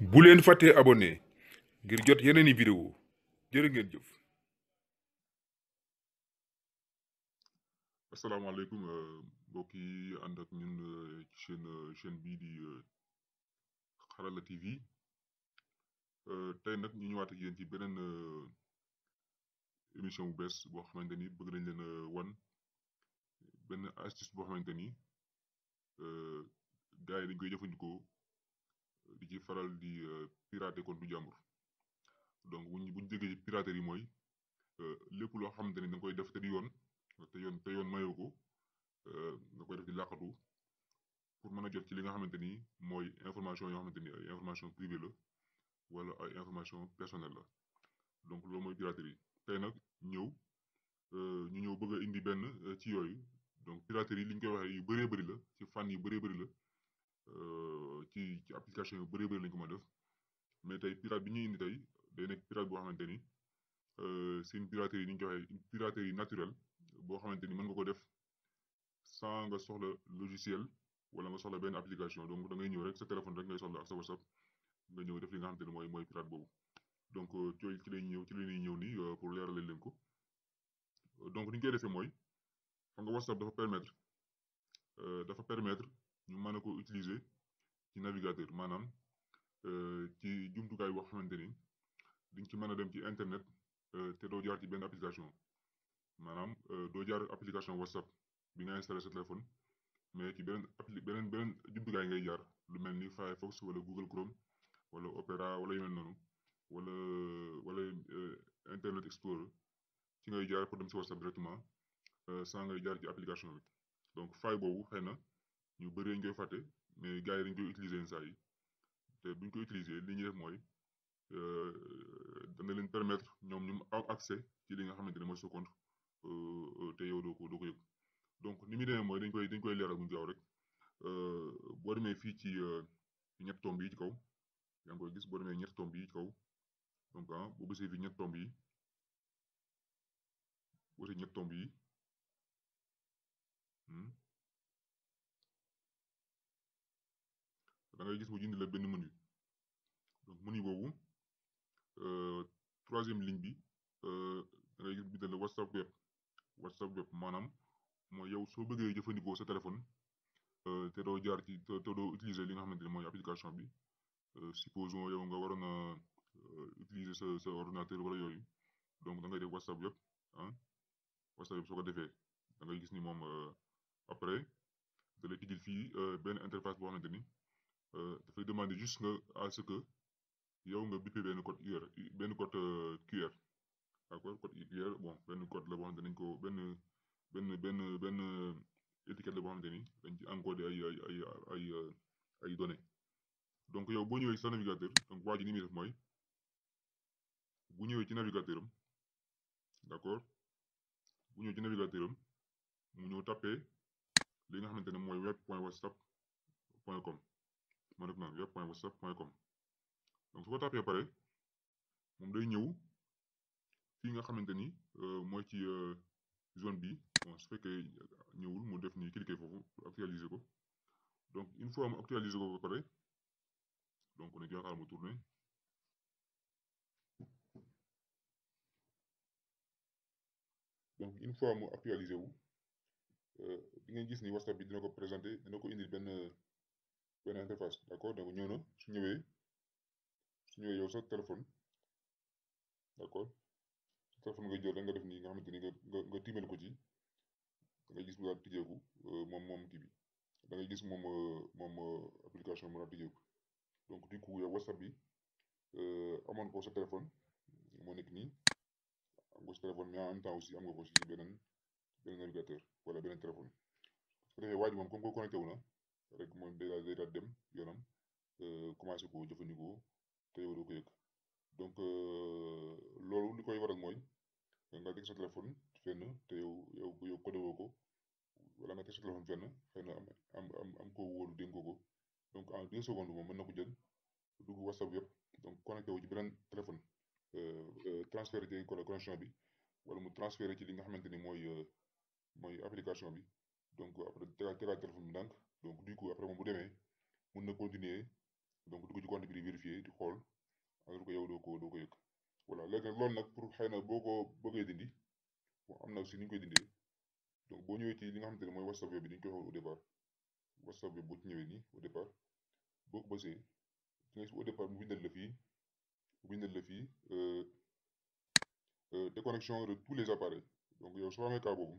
bu leen fàttee abonné ngir jot yeneen i vidéo ngeen jëf. asalaamaaleykum euh, mbokk yi ànd ak ñun euh, ci chaîne euh, chaîne bii di Xarala TV tey nag ñu ñëwaat ak yéen ci beneen émission bu bees boo xamante ni bëgg nañ leen wan benn astuce boo xamante ni gars yi dañ koy jëfandikoo. di ci faral di euh, pirater kon du jàmbur donc buñ buñ jógee ci piraterie mooy euh, lépp loo xamante ni da koy def te di yoon te yoon te yoon mayoo ko euh, nga koy def di làqatu pour mën a jot ci li nga xamante ni mooy information yo xamante ni ay information privée la wala ay information personnelle la donc loolu mooy piraterie tey nag ñëw ñu ñëw bëgg a indi benn ci yooyu donc piraterie li ñu koy waxee yu bëree bëri la ci fànn yu bëree bëri la Euh, ci ci application yu bëree bëri lañ ko mën def mais tey pirate bi ñuy indi tey day nekk pirate boo xamante ni euh, c'est une piraterie ni ñu joxee une piraterie naturelle boo ni mën nga ko def sans nga soxla logiciel wala nga soxla benn application donc da ngay ñëw rek sa téléphone rek ngay soxla ak sa whatsapp nga ñëw def li nga xamante ni mooy mooy pirate boobu donc cooy euh, ci lay ñëw ci lay ñëw nii pour leerale leen ko donc ni ñu koy defee mooy xam nga whatsapp dafa permettre dafa permettre ñu mën a ko utiliser ci navigateur maanaam euh, ci jumtukaay boo xamante ni diñ ci mën a dem ci internet euh, te doo jaar ci benn application maanaam euh, doo jaar application WhatsApp bi nga installé sa téléphone mais ci beneen beneen beneen jumtukaay ngay jaar lu mel ni Firefox wala Google Chrome wala opéra wala yu noonu wala wala Internet Explorer ci ngay jaar pour dem si WhatsApp directement sans ngay jaar ci application bi donc faille boobu xëy na. ñu bëri dañ koy fàtte mais gars yi dañ koy utiliser yenn saa yi te bu koy utiliser li ñuy def mooy euh, dana leen permettre ñoom ñu am accès ci li nga xamante ne mooy sa compte euh, euh, te yow doo ko donc ni muy demee mooy dañ koy dañ koy leeral bu ñu gaaw rek boo demee fii ci ñett tomb yi ci kaw yaa gis boo demee ñett yi ci kaw donc ah yi boo ñett tomb yi. Hmm? da ngay gis mu indi la benn menu donc menu boobu euh, troisième ligne bi euh, da ngay gis mu bindal la WhatsApp web WhatsApp maanaam mooy yow soo bëggee jëfandikoo sa téléphone euh, te doo jaar ci te doo utiliser li nga xamante ne mooy application bi supposons yow nga waroon a utiliser sa sa ordinateur wala yooyu donc da ngay def WhatsApp web ah WhatsApp ko defee da ngay gis ni moom après da lay tijjil fii benn interface boo xamante ni. Euh, dafay demander juste nga à ce que yow nga bippé benn code UR benn code euh, QR bon benn code la boo xam ko benn benn benn benn étiquette la boo xam ne ni dañ ci encodé ay ay ay ay euh, ay données donc yow boo ñëwee sa navigateur donc waa ji ni def mooy bu ñëwee ci navigateur am d'accord bu ñëwee ci navigateur am mu ñëw tapé li nga xamante ne mooy web point whatsapp point com ma def naan yëpp point whatsapp point com donc su ko tapé pare moom day ñëw fii nga xamante ni euh, mooy ci euh, zone bi bon su fekkee ñëwul mu def nii cliquer foofu pour actualiser ko donc une fois mu actualiser ko ba pare donc on une fois mu actualiser wu euh, di gis ni WhatsApp bi dina ko présenté dina ko indil benn benn interface d' accord donc ñëw na su ñëwee su ñëwee yow sa téléphone d' accord sa téléphone nga jël nga def nii nga xamante ni nga nga nga ko ci da ngay gis mu euh, moom moom gis moom euh, moom euh, application mu daal tijjeeku donc du coup yow whatsapp bi amoon ko sa téléphone moo nekk nii am nga sa téléphone mais en temps aussi am nga si beneen beneen wala beneen téléphone su ko defee waa ji moom comme rek moom dèjà day daal dem yoonam euh, commencé ko jëfandikoo te yow doo ko donc euh, loolu li koy waral mooy nga teg sa téléphone fenn te yow yow yow ko wala nga teg sa téléphone fenn xëy am am am am donc en deux secondes mën na ko jël dugg whatsapp yëpp donc connecté wu ci beneen téléphone euh, transféré ci connexion bi wala mu transféré ci li nga xamante ni mooy mooy application bi. donc après tegaat tegaat téléphone bi ndànk donc du coup après moom bu demee mun na continuer donc dugg ci compte bi di vérifier di xool alors que yow doo ko doo ko yëg voilà léegi nag loolu nag pour xëy na boo ko bëggee dindi bon am na aussi ni ñu koy dindee donc boo ñëwee ci li nga xamante ne mooy whatsapp bi ni ñu koy xool au départ whatsapp bi boo ci ñëwee nii au départ boo ko bësee ci nga au départ mu bindal la fii mu bindal la fii euh, euh, déconnexion de tous les appareils donc yow soo amee cas boobu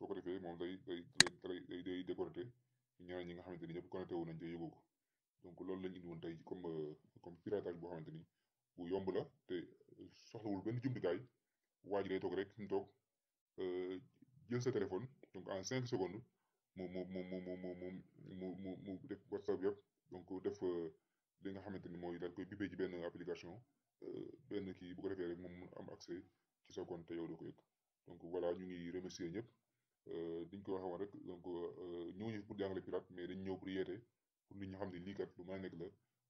soo ko defee moom day day day day déconnecté ñeneen ñi nga xamante ni ñëpp connecté wu nañ te yëgu ko donc loolu lañ indi woon tey comme euh, comme piratage boo xamante ni bu yomb la te soxlawul benn jumtukaay waa ji day rek fi toog euh, jël sa téléphone donc en cinq secondes mu mu mu mu mu mu mu mu mu def whatsapp yëpp donc def euh, li nga xamante ni mooy daal koy bipé ci benn application benn kii bu ko defee rek moom am accès ci sa compte te yow doo ko yëg donc voilà ñu ngi remercier ñëpp. Euh, dañ ko waxe woon rek donc euh, ñëwuñu pour jàngale pirate mais dañ ñëw pour yeete pour nit ñi xam ne lii kat lu mën a nekk la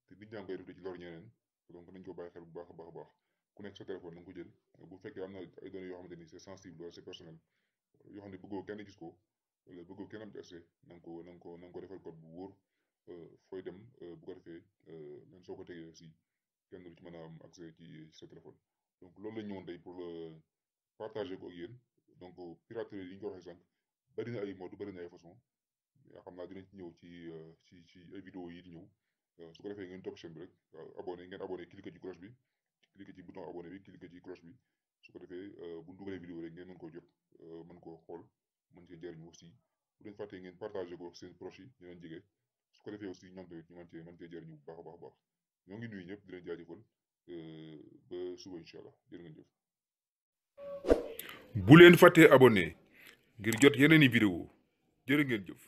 te nit ñaa ngi koy def ci lor ñeneen donc ko bàyyi xel bu baax a baax a baax ku nekk sa ko jël fekkee am na ay données yoo xamante ni sensible wala personnel yoo ne bëggoo kenn gis ko accès na nga ko na nga ko euh, fooy dem bu ko defee même soo ko tegee aussi kenn du ci mën a am accès ci sa téléphone donc loolu la ñu ñëwoon tey pour partager ko ak donc piraterie yi ñu ko waxee sànq bari na ay mode bari na ay façon yaa xam naa dinañ ci ñëw ci euh, ci ci ay vidéo yi di ñëw euh, su ko defee ngeen bi rek abonné ngeen abonné cliquer ci cloche bi cliquer ci bouton abonné bi cliquer ci cloche bi su ko defee euh, bu ñu dugalee vidéo rek ngeen mën koo jot mën koo xool mën cee jariñu aussi bu leen fàttee ngeen partagé ko seen proche yi ñu leen jege su ko defee aussi ñoom tamit ñu mën cee mën cee jariñu baax a baax a baax ñoo ngi nuyu ñëpp di leen jaajëfal ba suba incha allah jërë ngeen jëf bu leen fàttee abonné ngir jot yeneen i vidéo jërë ngeen jëf